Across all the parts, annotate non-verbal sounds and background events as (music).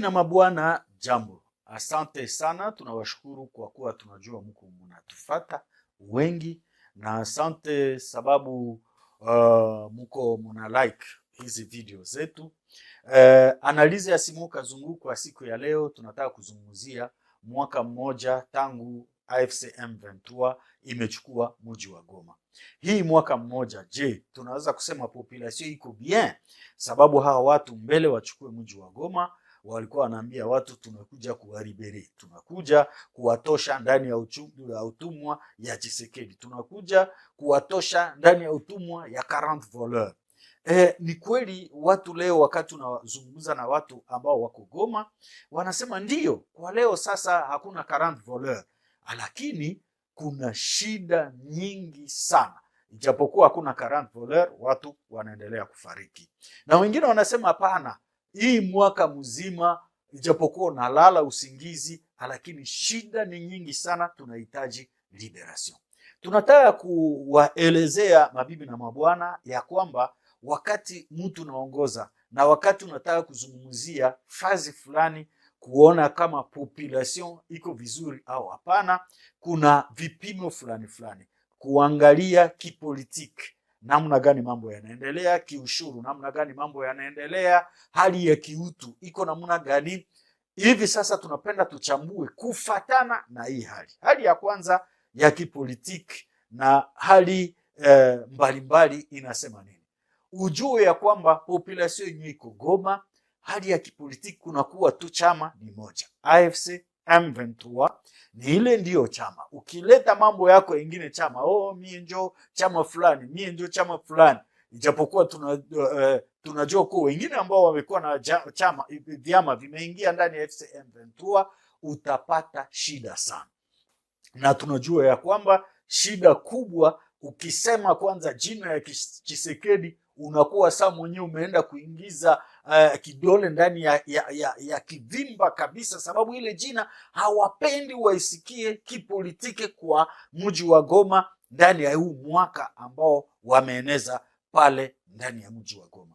Mabibi na mabwana, jambo. Asante sana, tunawashukuru kwa kuwa tunajua mko munatufata wengi, na asante sababu uh, mko mna like hizi video zetu. Uh, analizi ya Simon Zungu kwa siku ya leo tunataka kuzungumzia mwaka mmoja tangu AFC M23 imechukua mji wa Goma. Hii mwaka mmoja, je, tunaweza kusema population iko bien? Sababu hawa watu mbele wachukue mji wa Goma walikuwa wanaambia watu tumekuja kuwaribere, tunakuja kuwatosha ndani ya uchungu ya utumwa ya Chisekedi, tunakuja kuwatosha ndani ya utumwa ya 40 voleur. Eh, ni kweli watu leo wakati unazungumza na watu ambao wako Goma wanasema ndiyo, kwa leo sasa hakuna 40 voleur, lakini kuna shida nyingi sana ijapokuwa hakuna 40 voleur, watu wanaendelea kufariki, na wengine wanasema hapana hii mwaka mzima, ijapokuwa unalala usingizi, lakini shida ni nyingi sana. Tunahitaji liberation. Tunataka kuwaelezea mabibi na mabwana ya kwamba wakati mtu unaongoza na wakati unataka kuzungumzia fazi fulani kuona kama population iko vizuri au hapana, kuna vipimo fulani fulani kuangalia kipolitiki namna gani mambo yanaendelea kiushuru, namna gani mambo yanaendelea, hali ya kiutu iko namna gani hivi sasa. Tunapenda tuchambue kufatana na hii hali, hali ya kwanza ya kipolitiki na hali eh, mbalimbali inasema nini. Ujue ya kwamba population yenyewe iko Goma, hali ya kipolitiki kunakuwa tu chama ni moja AFC M23 ni ile ndiyo chama. Ukileta mambo yako ingine chama, oh, mie njo chama fulani, mie njo chama fulani, ijapokuwa tuna, uh, tunajua kuwa wengine ambao wamekuwa na chama vyama vimeingia ndani ya FC M23, utapata shida sana, na tunajua ya kwamba shida kubwa ukisema kwanza jina ya Tshisekedi unakuwa saa mwenyewe umeenda kuingiza uh, kidole ndani ya, ya, ya, ya kivimba kabisa, sababu ile jina hawapendi waisikie kipolitike kwa mji wa Goma ndani ya huu mwaka ambao wameeneza pale ndani ya mji wa Goma.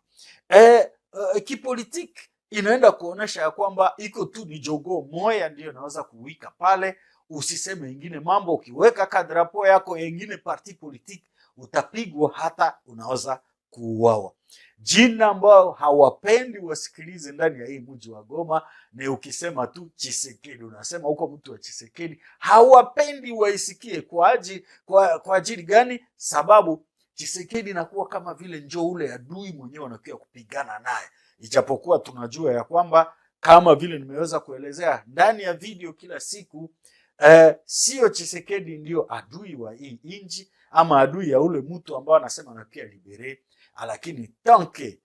E, eh, uh, eh, kipolitiki inaenda kuonesha ya kwamba iko tu ni jogoo moya ndiyo inaweza kuwika pale, usiseme ingine mambo. Ukiweka kadrapo yako yengine parti politiki utapigwa, hata unaweza kuuawa. Jina ambao hawapendi wasikilize ndani ya hii mji wa Goma ni ukisema tu Chisekedi, unasema huko mtu wa Chisekedi, hawapendi waisikie. Kwa ajili kwa, kwa ajili gani? Sababu Chisekedi inakuwa kama vile njoo ule adui mwenyewe anakuwa kupigana naye, ijapokuwa tunajua ya kwamba kama vile nimeweza kuelezea ndani ya video kila siku eh, sio Chisekedi ndio adui wa hii nchi ama adui ya ule mtu ambao anasema anakuwa libere lakini tanke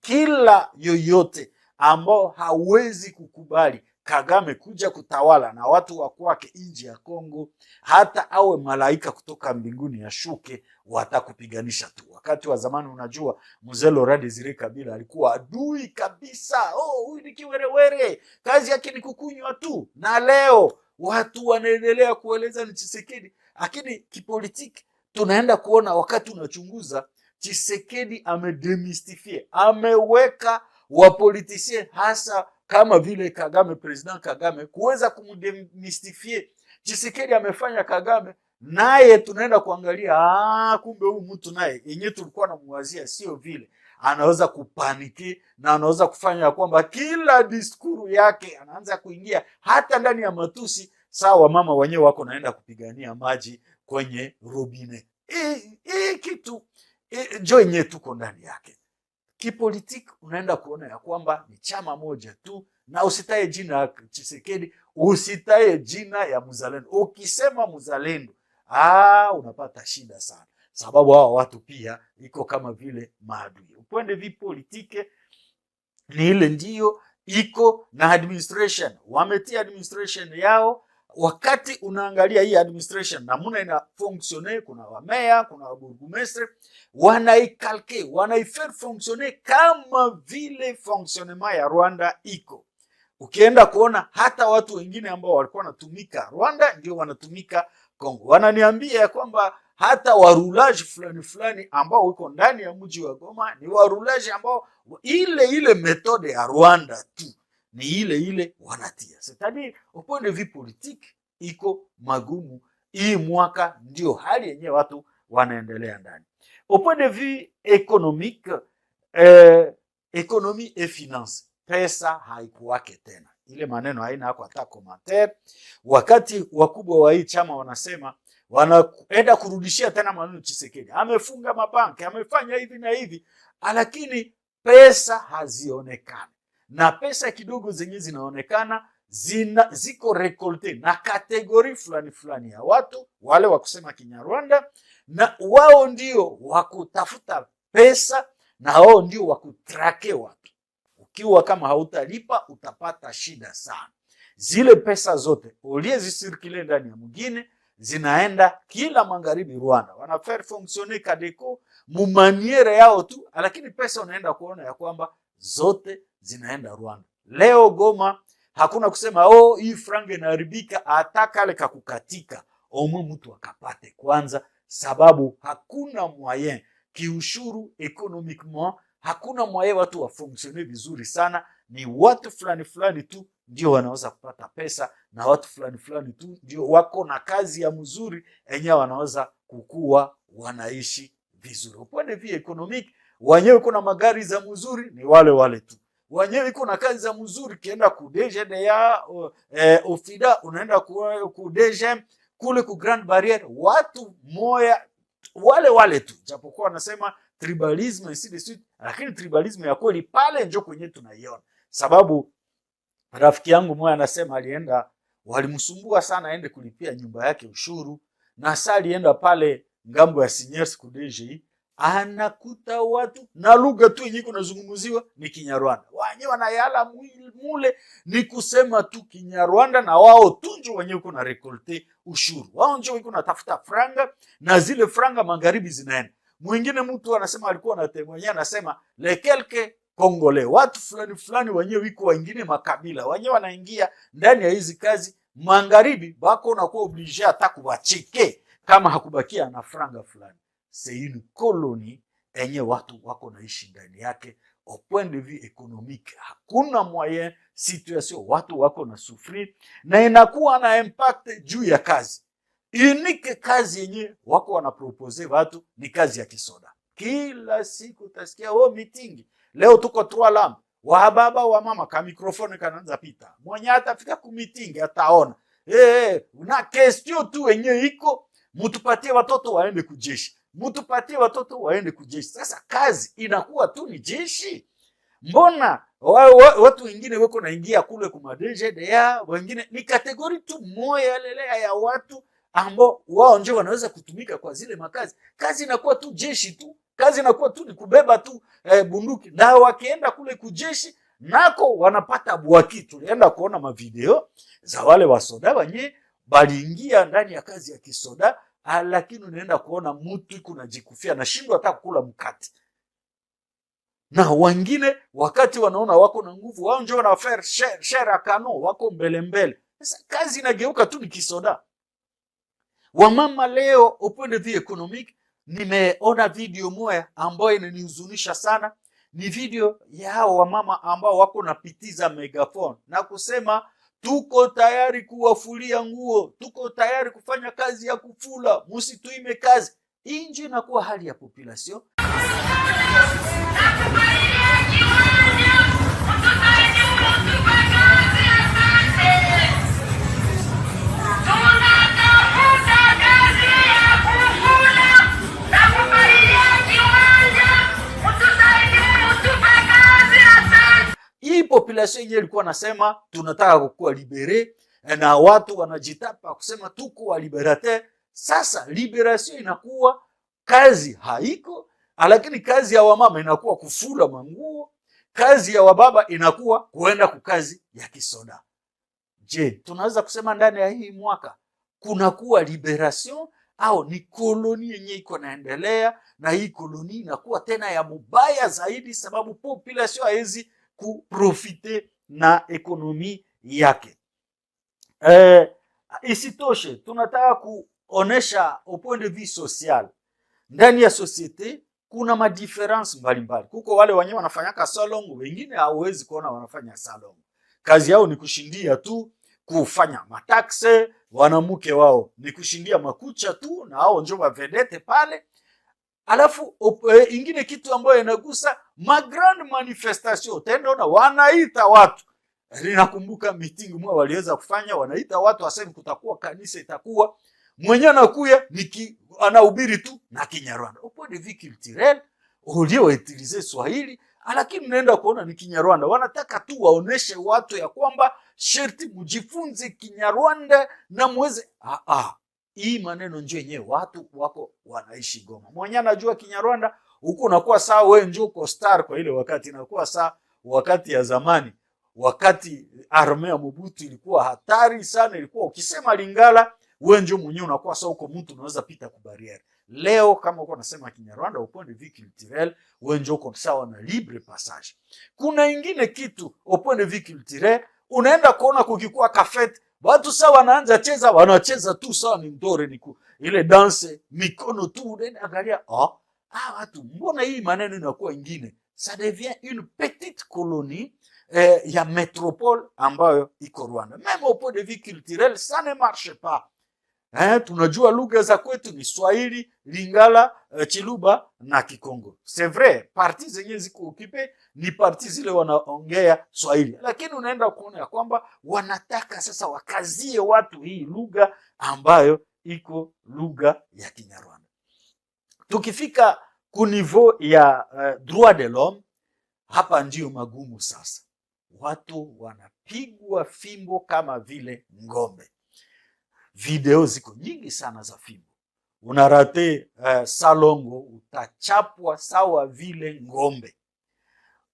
kila yoyote ambao hawezi kukubali Kagame kuja kutawala na watu wa kwake nje ya Kongo, hata awe malaika kutoka mbinguni ashuke, watakupiganisha tu. Wakati wa zamani, unajua mzee Laurent Desire Kabila alikuwa adui kabisa. Oh, huyu ni kiwerewere, kazi yake ni kukunywa tu, na leo watu wanaendelea kueleza ni Tshisekedi, lakini kipolitiki tunaenda kuona wakati unachunguza, Chisekedi amedemistifie, ameweka wapolitisie hasa kama vile Kagame, president Kagame kuweza kumdemistifie Chisekedi. Amefanya Kagame naye tunaenda kuangalia, ah, kumbe huyu mtu naye yenyewe tulikuwa namuwazia sio vile anaweza kupaniki na anaweza kufanya kwamba kila diskuru yake anaanza kuingia hata ndani ya matusi. Sawa, mama wenyewe wako naenda kupigania maji, kwenye robine e, e, kitu e, jo tuko ndani yake. kipolitik, unaenda kuona ya kwamba ni chama moja tu, na usitaye jina ya Chisekedi, usitaye jina ya mzalendo. Ukisema mzalendo, aa, unapata shida sana, sababu hawa watu pia iko kama vile maadui. Upande vipolitike ni ile ndio iko na administration, wametia administration yao wakati unaangalia hii administration namuna ina fonctionner, kuna wameya, kuna waburgumestre wanaikalke, wanaifaire fonctionner kama vile fonctionnement ya Rwanda iko. Ukienda kuona hata watu wengine ambao walikuwa wanatumika Rwanda ndio wanatumika Kongo. Wananiambia ya kwamba hata warulaji fulani fulani ambao wiko ndani ya mji wa Goma ni warulaji ambao ile ile metode ya Rwanda tu ni ile ile wanatia. Setadiri upande vi politiki iko magumu hii mwaka, ndio hali yenyewe watu wanaendelea ndani. Upande vi vue eh, ekonomi e finance, pesa haikuwake tena, ile maneno haina hako hata commentaire. Wakati wakubwa wa hii chama wanasema wanaenda kurudishia tena maneno chisekedi amefunga mabanki, amefanya hivi na hivi, lakini pesa hazionekani na pesa kidogo zenye zinaonekana zina, ziko rekolte na kategori fulani fulani ya watu wale wa kusema Kinyarwanda, na wao ndio wakutafuta pesa na wao ndio wakutrake watu. Ukiwa kama hautalipa utapata shida sana. Zile pesa zote ulie ndani ya mwingine zinaenda kila magharibi Rwanda, wanafaire fonctionner Kadeko mumaniere yao tu, lakini pesa unaenda kuona ya kwamba zote zinaenda Rwanda. Leo Goma hakuna kusema oh, hii franga inaharibika, atakale kakukatika omwe, mtu akapate kwanza, sababu hakuna moyen kiushuru economiquement, hakuna moyen watu wafonksione vizuri sana. Ni watu fulani fulani tu ndio wanaweza kupata pesa na watu fulani fulani tu ndio wako na kazi ya mzuri enyewe wanaweza kukua wanaishi vizuri upande via economic wanyewe kuna magari za mzuri ni wale wale tu wenyewe iko na kazi za mzuri, kienda ku DGDA eh, ofida unaenda ku, ku DG kule ku Grand Barrier, watu moya wale wale tu, japokuwa wanasema tribalism suite, lakini tribalism ya kweli pale njo kwenye tunaiona, sababu rafiki yangu moya anasema alienda, walimsumbua sana aende kulipia nyumba yake ushuru, na sasa alienda pale ngambo ya Siniers ku DGI e, anakuta watu na lugha tu yenye kunazungumziwa ni Kinyarwanda, wanye wanayala mule ni kusema tu Kinyarwanda, na wao tunjo wenye kuna rekolte ushuru wao njo wenye kunatafuta franga, na zile franga magharibi zinaenda mwingine. Mtu anasema alikuwa anatemwenye anasema le quelque Kongole, watu fulani fulani wenye wiko wengine makabila wenye wanaingia ndani ya hizi kazi magharibi, bako nakuwa oblige hata kubachike kama hakubakia na franga fulani sehemu koloni enye watu wako naishi ndani yake. Au point de vue économique, hakuna moyen, situation watu wako na souffrir na inakuwa na impact juu ya kazi. Unique kazi yenye wako wanapropose watu ni kazi ya kisoda. Kila siku utasikia oh, meeting, leo tuko trois wa baba wa mama ka mikrofoni kanaanza pita, mwenye atafika ku meeting ataona hey, eh, eh, una question tu yenye iko mutupatie watoto waende kujeshi mtupatie watoto waende kujeshi. Sasa kazi inakuwa tu ni jeshi. Mbona wa, wa, watu wengine weko naingia kule kumadejda, wengine ni kategori tu moya lelea ya watu ambao wao ndio wanaweza kutumika kwa zile makazi. Kazi inakuwa tu jeshi tu, kazi inakuwa tu ni kubeba tu eh, bunduki, na wakienda kule kujeshi nako wanapata bwaki. Tulienda kuona mavideo za wale wasoda wenye baliingia ndani ya kazi ya kisoda Ah, lakini unaenda kuona mtu kuna jikufia na hata kula mkate, na wengine wakati wanaona wako na nguvu wao ndio wana fair share akano wako mbele mbele. Sasa kazi inageuka tu ni kisoda. Wamama leo upande vi economic, nimeona video moja ambayo inanihuzunisha sana. Ni video ya hao wamama ambao wako napitiza megaphone na kusema tuko tayari kuwafulia nguo, tuko tayari kufanya kazi ya kufula, musituime kazi inji, inakuwa hali ya population hii population yenyewe ilikuwa nasema tunataka kukua libere, na watu wanajitapa kusema tuko wa liberateur. Sasa liberation inakuwa kazi haiko, lakini kazi ya wamama inakuwa kufula manguo, kazi ya wababa inakuwa kuenda kukazi ya kisoda. Je, tunaweza kusema ndani ya hii mwaka kunakuwa liberation au ni koloni yenye iko naendelea, na hii koloni inakuwa tena ya mubaya zaidi, sababu population haizi kuprofite na ekonomi yake. E, isitoshe tunataka kuonesha upande vi social ndani ya societe kuna madiference mbalimbali. Kuko wale wenyewe wanafanyaka salon, wengine hauwezi kuona wanafanya salon. kazi yao ni kushindia tu kufanya matakse. wanamuke wao ni kushindia makucha tu, na hao njo wavedete pale alafu e, ingine kitu ambayo inagusa ma grand manifestation tendaona wanaita watu linakumbuka meeting mwa waliweza kufanya, wanaita watu waseme kutakuwa kanisa, itakuwa mwenye anakuya niki anahubiri tu na Kinyarwanda upo de vie culturelle ulio utilize Swahili, lakini mnaenda kuona ni Kinyarwanda. Wanataka tu waoneshe watu ya kwamba sherti mujifunze Kinyarwanda na mweze ah ah hii maneno njo yenyewe watu wako wanaishi Goma. Mwenye anajua Kinyarwanda huko unakuwa saa wewe njo uko star kwa ile wakati, inakuwa saa wakati ya zamani, wakati arme ya Mobutu ilikuwa hatari sana, ilikuwa ukisema Lingala wewe njo mwenyewe unakuwa saa uko mtu unaweza pita ku barriere. Leo kama uko nasema Kinyarwanda au point de vue culturel, wewe njo uko sawa na libre passage. Kuna ingine kitu au point de vue culturel unaenda kuona kukikuwa kafete, watu saa wanaanza cheza, wanacheza tu saa ni mtore, niku ile danse mikono tu, unaenda angalia, ah ah, watu mbona hii maneno inakuwa ingine, ça devient une petite colonie eh, ya metropole ambayo iko Rwanda. Meme au point de vue culturel ça ne marche pas Eh, tunajua lugha za kwetu ni Swahili, Lingala, eh, Chiluba na Kikongo. C'est vrai, parti zenye ziko ukipe ni parti zile wanaongea Swahili, lakini unaenda kuona ya kwamba wanataka sasa wakazie watu hii lugha ambayo iko lugha ya Kinyarwanda. Tukifika ku niveau ya uh, droit de l'homme, hapa ndio magumu sasa, watu wanapigwa fimbo kama vile ng'ombe video ziko nyingi sana za fimbo Unarate uh, salongo, utachapwa sawa vile ng'ombe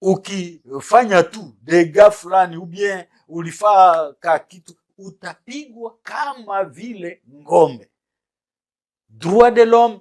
ukifanya tu dega fulani ubien ulifaa ka kitu utapigwa kama vile ng'ombe. Droit de l'homme,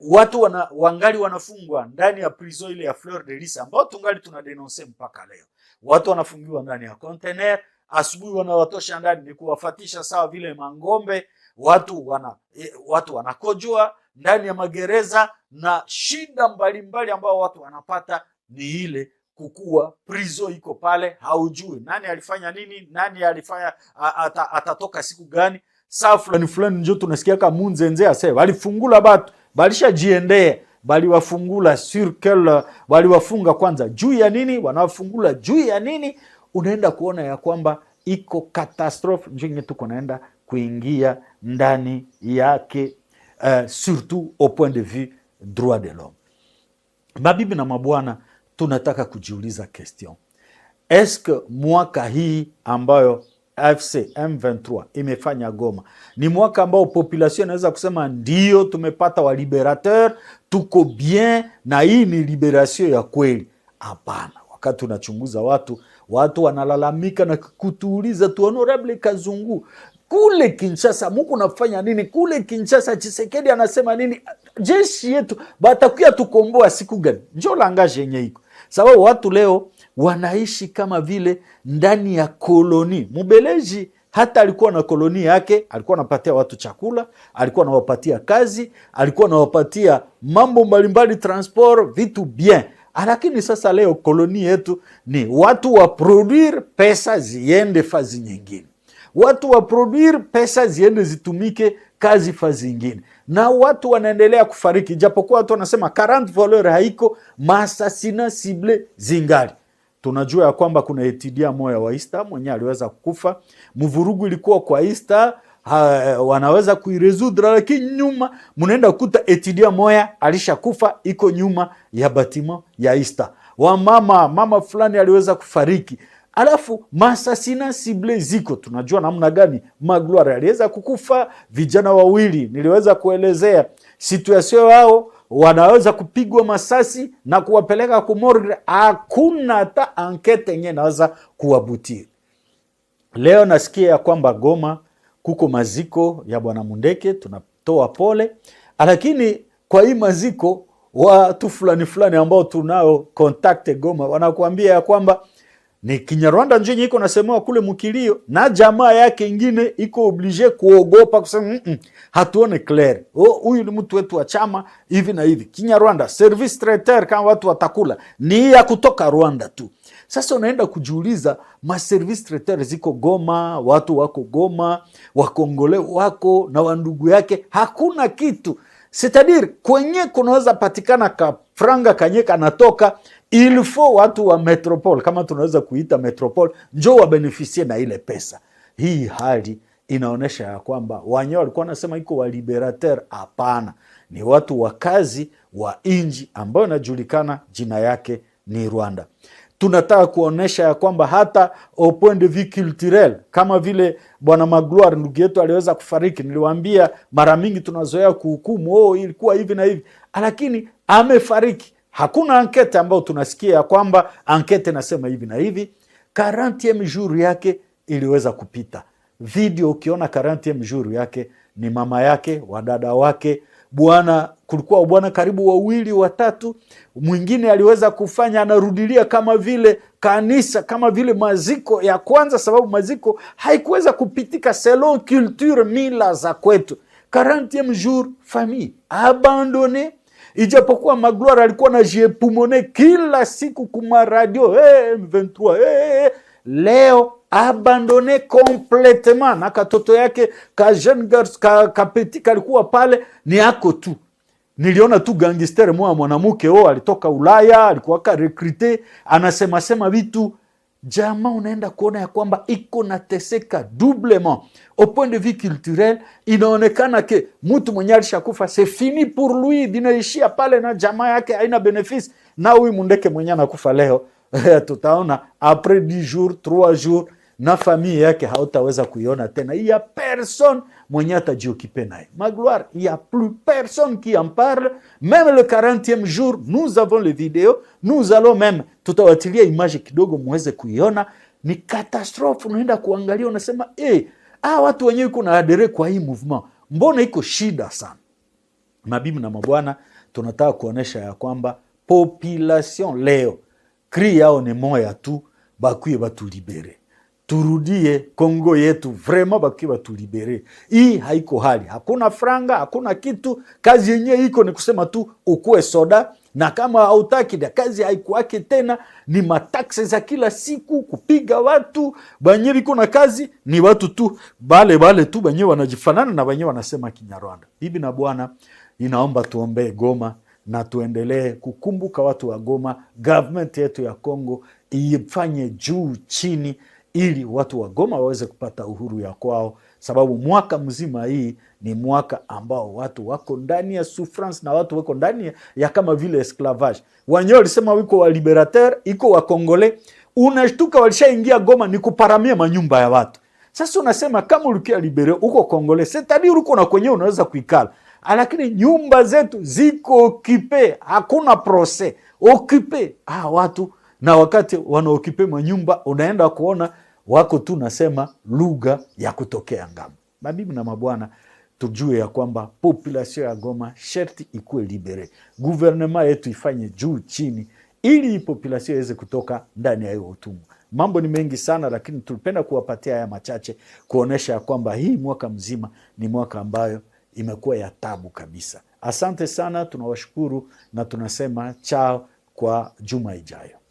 watu wana, wangali wanafungwa ndani ya prison ile ya Fleur de Lis ambao tungali tunadenonse mpaka leo. Watu wanafungiwa ndani ya container, asubuhi wanawatosha ndani, ni kuwafatisha sawa vile mangombe. Watu wana eh, watu wanakojua ndani ya magereza, na shida mbalimbali ambao watu wanapata ni ile kukua prizo iko pale, haujui nani alifanya nini, nani alifanya ata, atatoka siku gani, saa fulani fulani, njo tunasikia kama munzenze ase walifungula batu balishajiendea baliwafungula sirkel, waliwafunga kwanza juu ya nini? Wanawafungula juu ya nini? unaenda kuona ya kwamba iko katastrofe njingi tuko naenda kuingia ndani yake, uh, surtout au point de vue droit de l'homme. Mabibi na mabwana, tunataka kujiuliza question, eske mwaka hii ambayo AFC M23 imefanya Goma ni mwaka ambao population inaweza kusema ndio tumepata wa liberateur, tuko bien na hii ni liberation ya kweli? Hapana, wakati unachunguza watu Watu wanalalamika na kutuuliza tu, honorable Kazungu, kule Kinshasa muko nafanya nini? Kule Kinshasa Chisekedi anasema nini? Jeshi yetu batakuya tukomboa siku gani? Njo langaje yenye iko sababu. Watu leo wanaishi kama vile ndani ya koloni. Mubeleji hata alikuwa na koloni yake, alikuwa anapatia watu chakula, alikuwa anawapatia kazi, alikuwa anawapatia mambo mbalimbali, transport, vitu bien Ah, lakini sasa leo koloni yetu ni watu wa produire pesa ziende fazi nyingine, watu wa produire pesa ziende zitumike kazi fazi nyingine na watu wanaendelea kufariki, japokuwa watu wanasema current valeur haiko, masasina sible zingali tunajua ya kwamba kuna etidia moya wa Ista mwenye aliweza kukufa. Mvurugu ilikuwa kwa Ista ha, eh, wanaweza kuiresudra, lakini nyuma mnaenda kuta etidia moya alishakufa iko nyuma ya batimo ya ista wa mama mama fulani aliweza kufariki, alafu masasina sible ziko tunajua namna gani magloire aliweza kukufa. Vijana wawili niliweza kuelezea situasio yao wanaweza kupigwa masasi na kuwapeleka kumorgre, hakuna hata ankete yenye naweza kuwabutia. Leo nasikia ya kwamba Goma kuko maziko ya Bwana Mundeke, tunatoa pole, lakini kwa hii maziko watu fulani fulani ambao tunao kontakte Goma wanakuambia ya kwamba ni Kinyarwanda njenye iko nasemewa kule mukilio na jamaa yake ingine iko oblige kuogopa kusema mm -mm, hatuone clair. o oh, huyu ni mtu wetu wa chama hivi na hivi. Kinyarwanda service traiteur, kama watu watakula ni ya kutoka Rwanda tu. Sasa unaenda kujiuliza ma service traiteur ziko Goma, watu wako Goma, wakongole wako na wandugu yake, hakuna kitu. Sitadiri kwenye kunaweza patikana ka franga kanye kanatoka ilfo watu wa metropole kama tunaweza kuita metropole njo wabenefisie na ile pesa. Hii hali inaonyesha ya kwamba wanyewe walikuwa wanasema iko waliberater, hapana, ni watu wakazi wa inji ambayo inajulikana jina yake ni Rwanda. Tunataka kuonyesha ya kwamba hata au point de vue culturel, kama vile bwana Magloire ndugu yetu aliweza kufariki, niliwaambia mara mingi tunazoea kuhukumu, oh, ilikuwa hivi na hivi, lakini amefariki Hakuna ankete ambayo tunasikia ya kwamba ankete nasema hivi na hivi. 40e yake iliweza kupita. Video ukiona 40e yake ni mama yake, wadada wake, bwana, kulikuwa bwana karibu wawili watatu, mwingine aliweza kufanya anarudilia kama vile kanisa, kama vile maziko ya kwanza, sababu maziko haikuweza kupitika selon culture, mila za kwetu. 40e jour famille abandone ijapokuwa Magloire alikuwa na kila siku kuma radio eh, M23 hey, eh, eh, leo abandone completement na katoto yake ka jeune garce ka, ka petit kalikuwa pale ni ako tu. Niliona tu gangster moya mwanamke o oh, alitoka Ulaya alikuwa ka recruter anasemasema vitu jamaa unaenda kuona ya kwamba iko nateseka doublement au point de vue culturel. Inaonekana ke mutu mwenye alishakufa c'est fini pour lui, dinaishia pale na jamaa yake aina benefisi, na huyu mundeke mwenye anakufa leo (laughs) tutaona apres 10 jours 3 jours na familia yake hautaweza kuiona tena. Il person mwenye atajiokipe naye magloire, il y a plus personne qui en parle. Même le 40e jour, nous avons le vidéos, nous allons même, tutawatilia image kidogo muweze kuiona. Ni katastrofe, unaenda kuangalia unasema hey, ah, watu wenyewe kuna adere kwa hii movement, mbona iko shida sana? Mabibi na mabwana, tunataka kuonesha ya kwamba population leo kri yao ni moya tu, bakuye batulibere turudie Kongo yetu vrema, baki batulibere. Hii haiko hali, hakuna franga, hakuna kitu. Kazi yenyewe iko ni kusema tu ukue soda, na kama hautaki na kazi haikuwake tena, ni mataksi za kila siku kupiga watu banye viko na kazi, ni watu tu bale bale tu banye wanajifanana na banye wanasema Kinyarwanda. Bibi na bwana, inaomba tuombee Goma na tuendelee kukumbuka watu wa Goma. Government yetu ya Kongo ifanye juu chini ili watu wa Goma waweze kupata uhuru ya kwao, sababu mwaka mzima hii ni mwaka ambao watu wako ndani ya souffrance na watu wako ndani ya kama vile esclavage. Wanyo walisema wiko wa liberateur iko wa Kongole, unashtuka walishaingia Goma ni kuparamia manyumba ya watu. Sasa unasema kama ulikia libere uko Kongole setadi uko na kwenye unaweza kuikala, ah, lakini nyumba zetu ziko okipe, hakuna prose okipe ah, watu na wakati wanaokipe manyumba unaenda kuona wako tu nasema lugha ya kutokea ngambo. Mabibi na mabwana, tujue ya kwamba population ya Goma sherti ikuwe libere, guvernema yetu ifanye juu chini, ili population iweze kutoka ndani ya hiyo utumwa. Mambo ni mengi sana, lakini tulipenda kuwapatia haya machache kuonesha ya kwamba hii mwaka mzima ni mwaka ambayo imekuwa ya tabu kabisa. Asante sana, tunawashukuru na tunasema chao kwa juma ijayo.